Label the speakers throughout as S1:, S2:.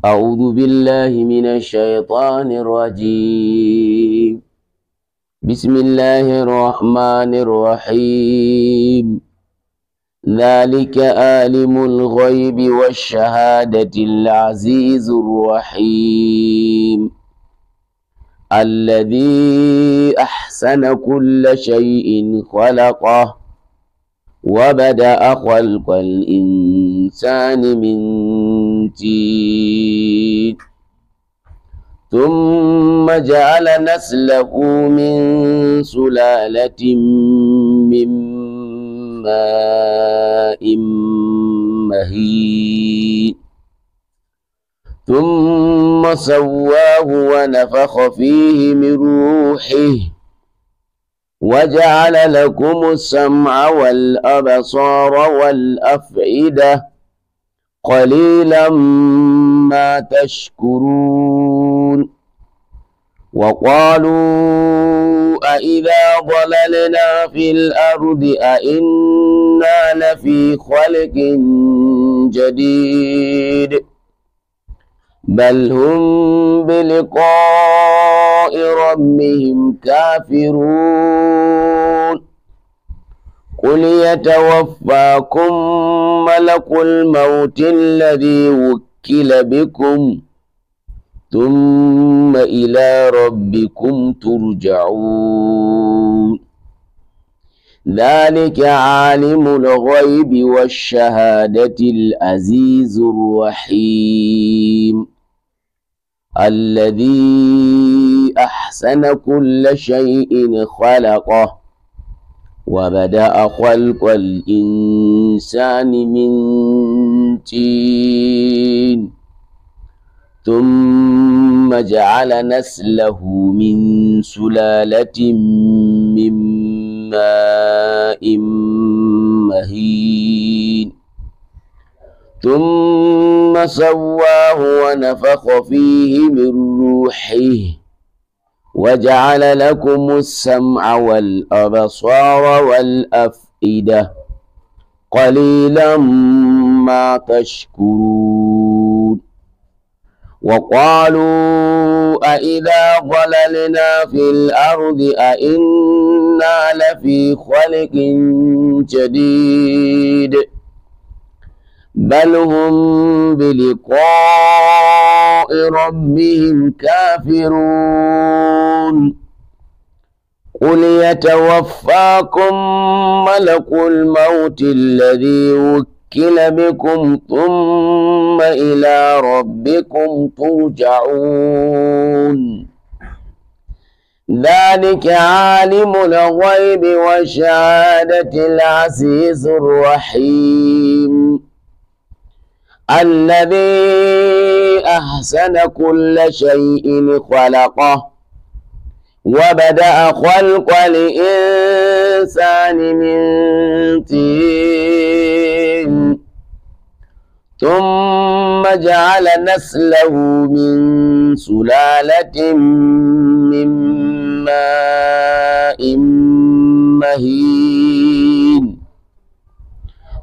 S1: أعوذ بالله من الشيطان الرجيم بسم الله الرحمن الرحيم ذلك عالم الغيب والشهادة العزيز الرحيم الذي أحسن كل شيء خلقه وبدأ خلق الإنسان من الدين ثم جعل نسله من سلالة من ماء مهين ثم سواه ونفخ فيه من روحه وجعل لكم السمع والأبصار والأفئدة قليلا ما تشكرون وقالوا أإذا ضللنا في الأرض أإنا لفي خلق جديد بل هم بلقاء ربهم كافرون قل يتوفاكم ملك الموت الذي وكل بكم ثم إلى ربكم ترجعون ذلك عالم الغيب والشهادة العزيز الرحيم الذي أحسن كل شيء خلقه وبدأ خلق الإنسان من تين ثم جعل نسله من سلالة من ماء مهين ثم سواه ونفخ فيه من روحه وجعل لكم السمع والأبصار والأفئدة قليلا ما تشكرون وقالوا أإذا ضللنا في الأرض أإنا لفي خلق جديد بل هم بلقاء ربهم كافرون قل يتوفاكم ملك الموت الذي وكل بكم ثم إلى ربكم ترجعون ذلك عالم الغيب وشهادة العزيز الرحيم الذي أحسن كل شيء خلقه وبدأ خلق الإنسان من طين ثم جعل نسله من سلالة من ماء مهين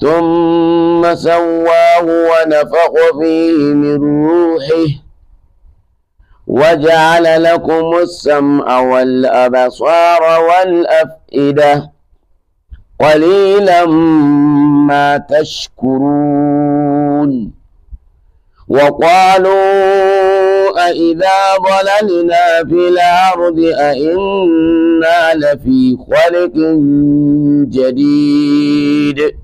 S1: ثم سواه ونفخ فيه من روحه وجعل لكم السمع والأبصار والأفئدة قليلا ما تشكرون وقالوا أإذا ضللنا في الأرض أإنا لفي خلق جديد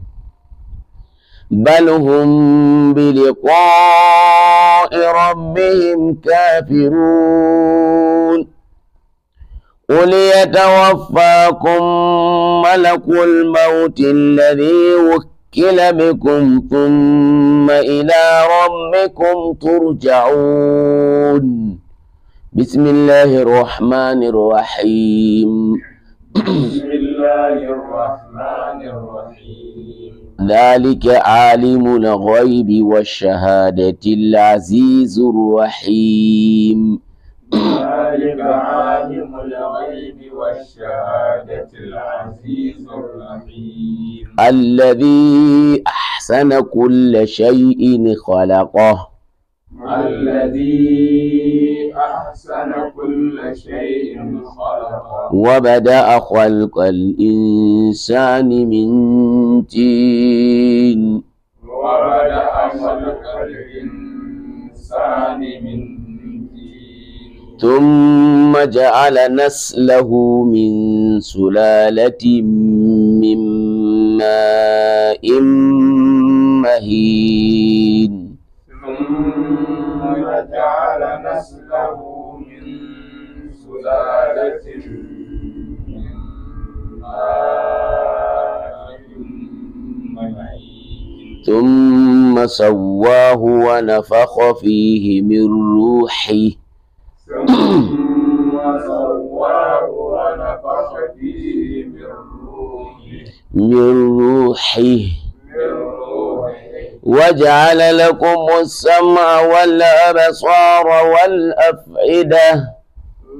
S1: بل هم بلقاء ربهم كافرون قل يتوفاكم ملك الموت الذي وكل بكم ثم إلى ربكم ترجعون بسم الله الرحمن الرحيم
S2: بسم الله الرحمن الرحيم
S1: ذلك عالم الغيب والشهادة العزيز الرحيم
S2: ذلك عالم الغيب والشهادة العزيز الرحيم
S1: الذي أحسن كل شيء خلقه
S2: الذي أحسن كل شيء خلقه
S1: وبدأ خلق الإنسان من تين
S2: وبدأ خلق الإنسان من
S1: تين ثم جعل نسله من سلالة من ماء مهين
S2: ثم جعل نسله من سلالة
S1: ثم سواه ونفخ فيه من روحه من روحي وجعل لكم السمع والأبصار والأفئدة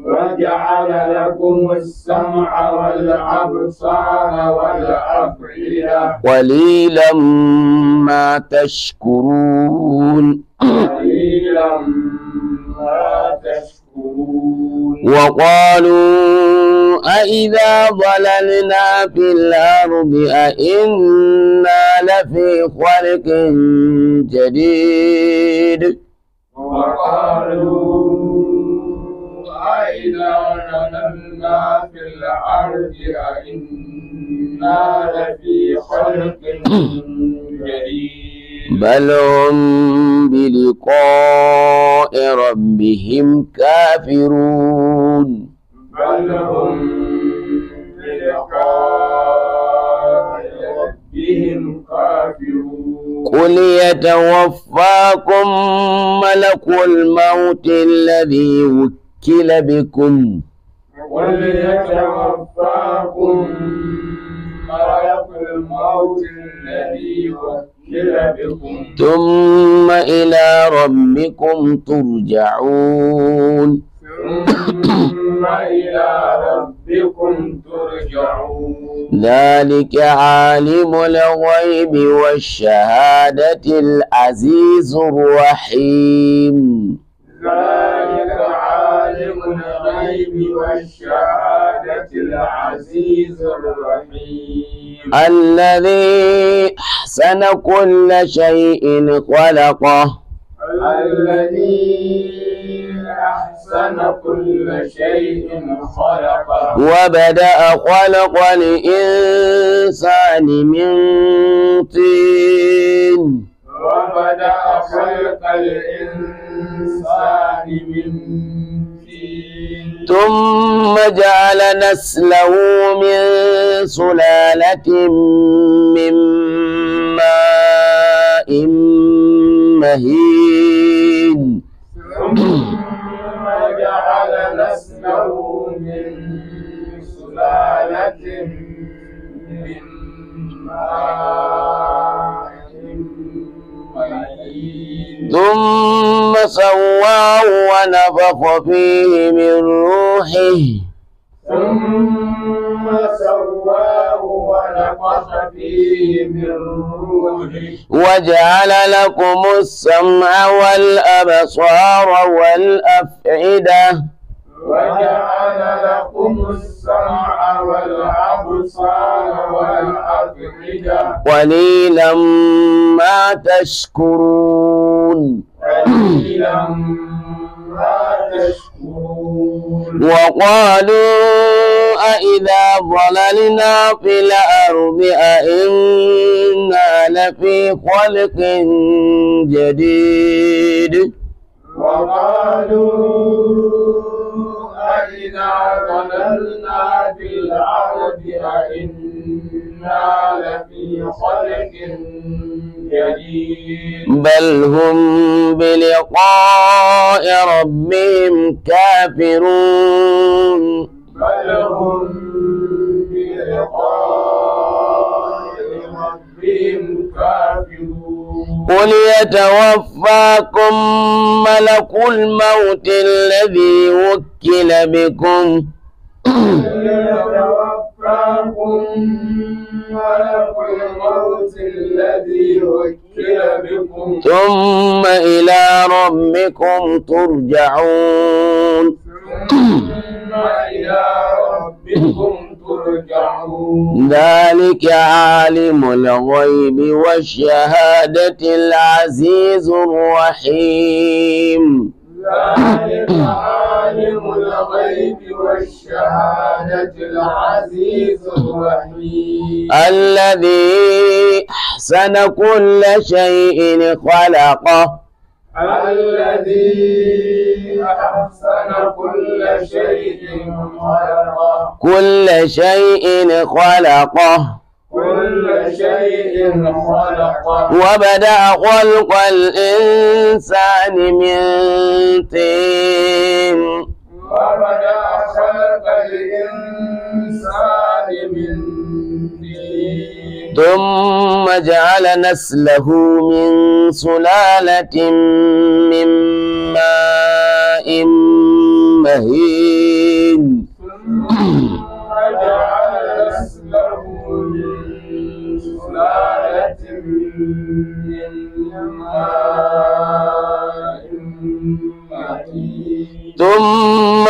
S1: وجعل
S2: لكم السمع والأبصار والأفئدة
S1: قليلا ما تشكرون
S2: قليلا
S1: ما تشكرون
S2: وقالوا
S1: أإذا ضللنا في الأرض أإنا لفي خلق جديد
S2: وقالوا إذا ظلمنا في الأرض أئنا لفي خلق جديد
S1: بل هم بلقاء ربهم كافرون بل هم
S2: بلقاء ربهم كافرون
S1: قل يتوفاكم ملك الموت الذي وكل ليوكل بكم
S2: وليتوفاكم ملك الموت الذي وكل بكم
S1: ثم إلى ربكم ترجعون
S2: ثم إلى ربكم ترجعون
S1: ذلك عالم الغيب والشهادة العزيز الرحيم
S2: ذلك الغيب والشهادة العزيز الرحيم
S1: الذي أحسن كل شيء خلقه
S2: الذي أحسن كل شيء
S1: خلقه وبدأ خلق الإنسان من طين وبدأ خلق الإنسان من طين ثم جعل نسله من سلالة من ماء مهين ثم جعل نسله من
S2: سلالة من ماء
S1: مهين ثم سواه ونفخ فيه من روحه ثم سواه ونفخ فيه
S2: من روحه
S1: وجعل لكم السمع والأبصار والأفئدة وجعل
S2: لكم السمع والأبصار والأفئدة
S1: قليلا ما تشكرون تشكرون وقالوا أإذا ضللنا في الأرض أإنا لفي خلق جديد وقالوا
S2: أإذا ضللنا في الأرض أإنا لفي
S1: خلق
S2: جديد
S1: بل هم بلقاء ربهم كافرون بل هم بلقاء
S2: ربهم كافرون
S1: قل يتوفاكم ملك الموت الذي وكل بكم يتوفاكم ثم إلى ربكم ترجعون ذلك عالم الغيب والشهادة العزيز الرحيم عالم الغيب
S2: والشهادة العزيز الرحيم
S1: الذي أحسن كل شيء خلقه
S2: الذي أحسن كل شيء خلقه
S1: كل شيء خلقه
S2: كل شيء خلقه
S1: وبدأ خلق الإنسان من طين وبدأ خلق
S2: الإنسان من
S1: طين ثم جعل نسله من سلالة من ماء مهين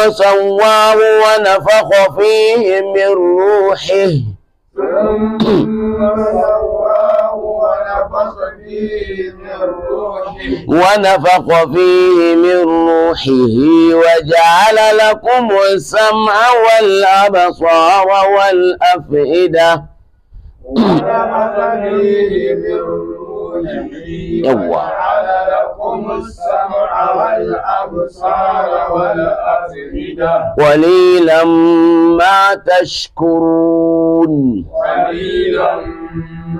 S1: وسواه ونفخ فيه من روحه ونفخ فيه من روحه وجعل لكم السمع والأبصار والأفئدة
S2: ونفخ فيه من روحه
S1: وجعل لكم السمع
S2: والأبصار والأفئدة
S1: قليلا ما تشكرون
S2: قليلا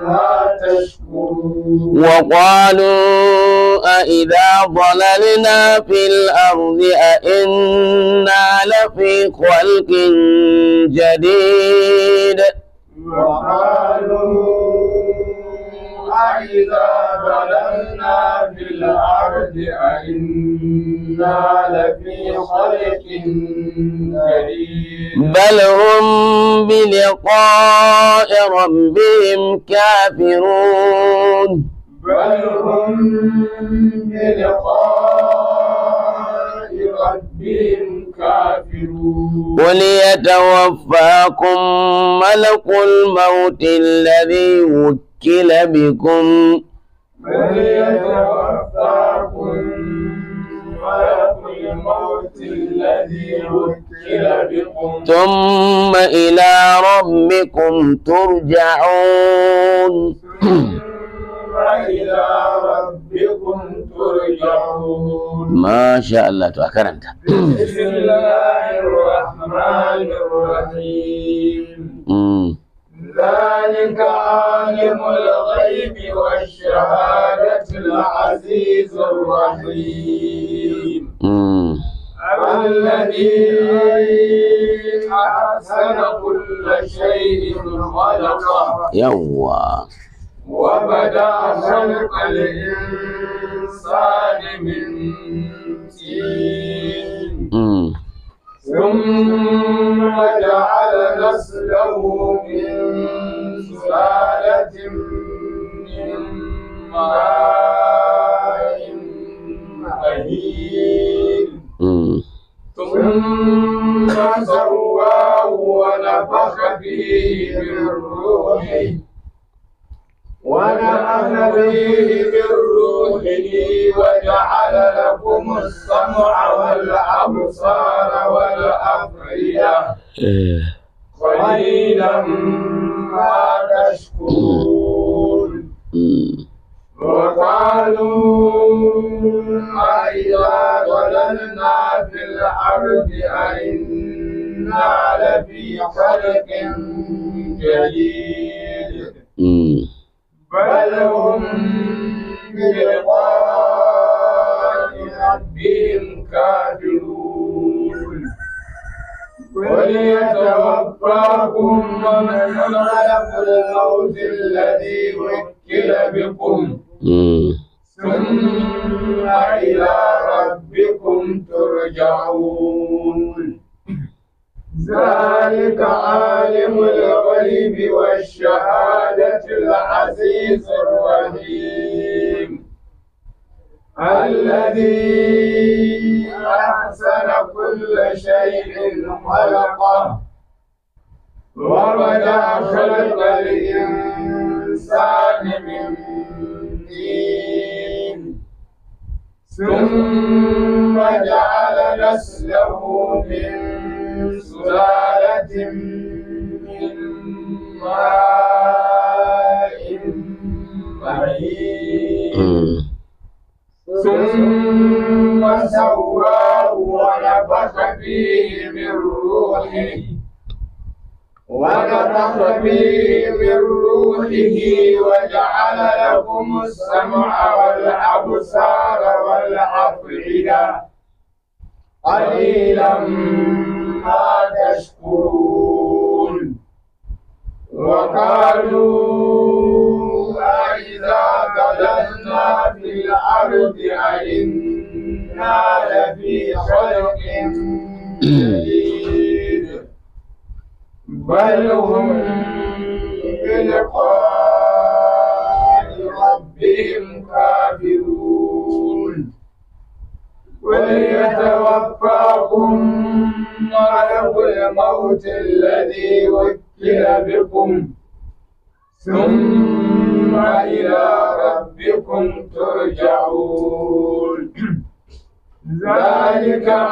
S2: ما
S1: تشكرون وقالوا أإذا ضللنا في الأرض أإنا لفي خلق جديد وقالوا
S2: وإذا ضللنا في الأرض
S1: أئنا لفي خلق
S2: كريم
S1: بل هم بلقاء ربهم كافرون بل هم بلقاء
S2: ربهم كافرون
S1: وليتوفاكم ملك الموت الذي وجد ليثكل بكم
S2: الموت الذي وكل بكم
S1: ثم إلى ربكم ترجعون
S2: إلى ربكم ترجعون
S1: ما شاء الله تكرمت
S2: بسم الله الرحمن الرحيم ذلك عالم الغيب
S1: والشهادة
S2: العزيز الرحيم الذي أحسن كل شيء خلقه يوا
S1: وبدأ خلق
S2: الإنسان من تين ثم جعل نسله سلالة من ماء مهين ثم سواه ونفخ فيه من روحه ونفخ فيه من روحه وجعل لكم السمع والابصار والافئده إيه. قليلا وقالوا أإذا ضللنا في الأرض أإنا لفي خلق جديد بل هم بلقاء ربهم كافرون وليتوفاكم ومن خلق الموت الذي وكل بكم ثم إلى ربكم ترجعون ذلك عالم الغيب والشهادة العزيز الرحيم الذي أحسن كل شيء خلقه وبدأ خلق الإنسان من دين ثم جعل نسله من سلالة من ماء سواه ونفخ فيه من روحه ونفخ فيه من روحه وجعل لكم السمع والأبصار والأفئدة قليلا ما تشكرون وقالوا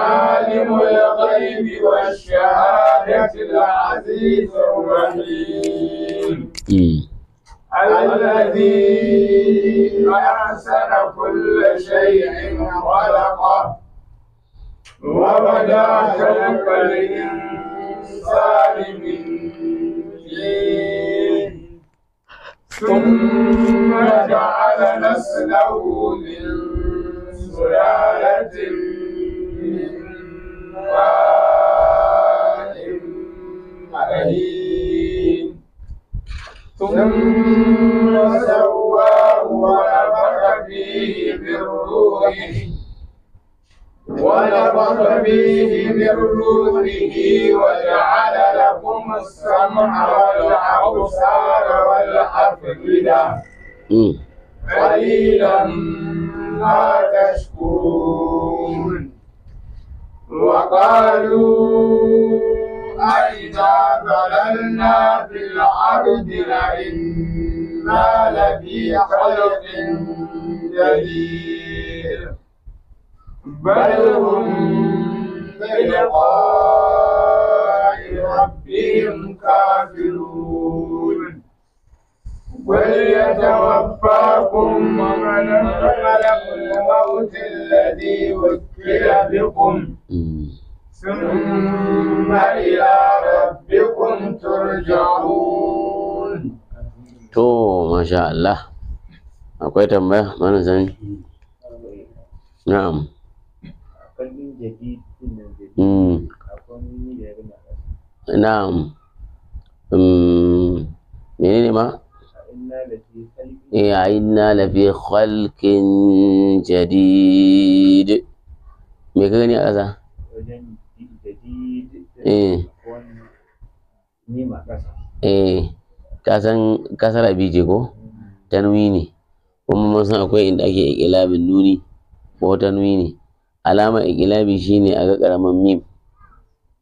S2: عالم الغيب والشهادة العزيز الرحيم الذي أحسن كل شيء خلقه وبدا خلق الإنسان من دين ثم جعل نسله من سلالة ثم سواه ونفخ فيه من روحه ونفخ فيه من روحه وجعل لكم السمع والابصار والافئده قليلا ما تشكرون وقالوا أئذا ضللنا في الأرض لإنا لفي خلق جديد بل هم بلقاء ربهم كافرون وليتوفاكم من خلق الموت الذي وكل بكم ثم إلى ربكم ترجعون
S1: to masha Allah akwai tambaya mana zani na'am hmm. na'am hmm. menene ma إيه إنا لفي خلق جديد ميكاني أذا eh eh kasan kasar abije ko ne, kuma mun san akwai inda ake iqlabin nuni ko ne. alama iqlabi shine a ga karaman mim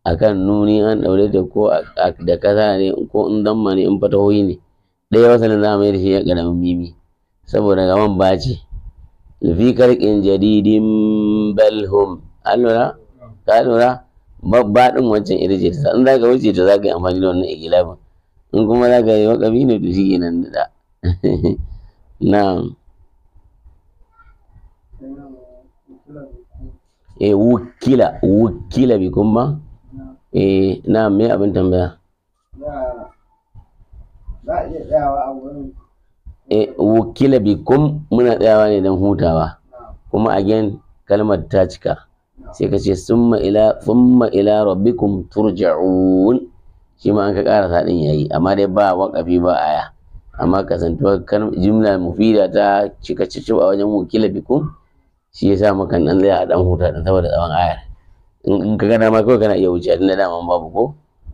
S1: akan nuni an daure da ko da kaza ne ko in damma ne in fata fatahoyi ne ɗaya wasalin za mu yi da shi ya karamin mimi saboda gaban baci, fi karkin jadidin balhum allura? ka allura? baɗin wancan irje ta in za ka wuce ta za ka yi amfani da wannan igilabin in kuma za ka yi wakabi ne to shi kenan da Na e eh, wukila wukila bi kuma e eh, na me abin tambaya za a iya tsayawa a eh, wukila bikum muna tsayawa ne don hutawa kuma again kalmar ta cika sai ka ce summa ila thumma ila rabbikum turja'un shi ma an ka karasa din yayi amma dai ba waƙafi ba aya amma kan jimla mufida ta cika cicci a wajen wakila bikum shi yasa mukan dan tsaya a dan huta da saboda tsawon ayar in ka gana ma kawai kana iya wuce din da dama babu ko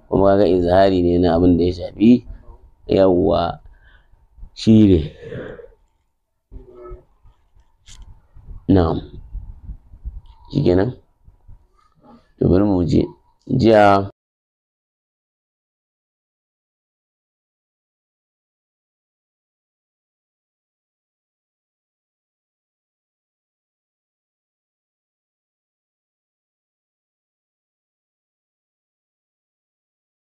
S1: kuma ga izhari ne na abin da ya shafi yawwa shi ne na'am shi kenan to bari mu je jiya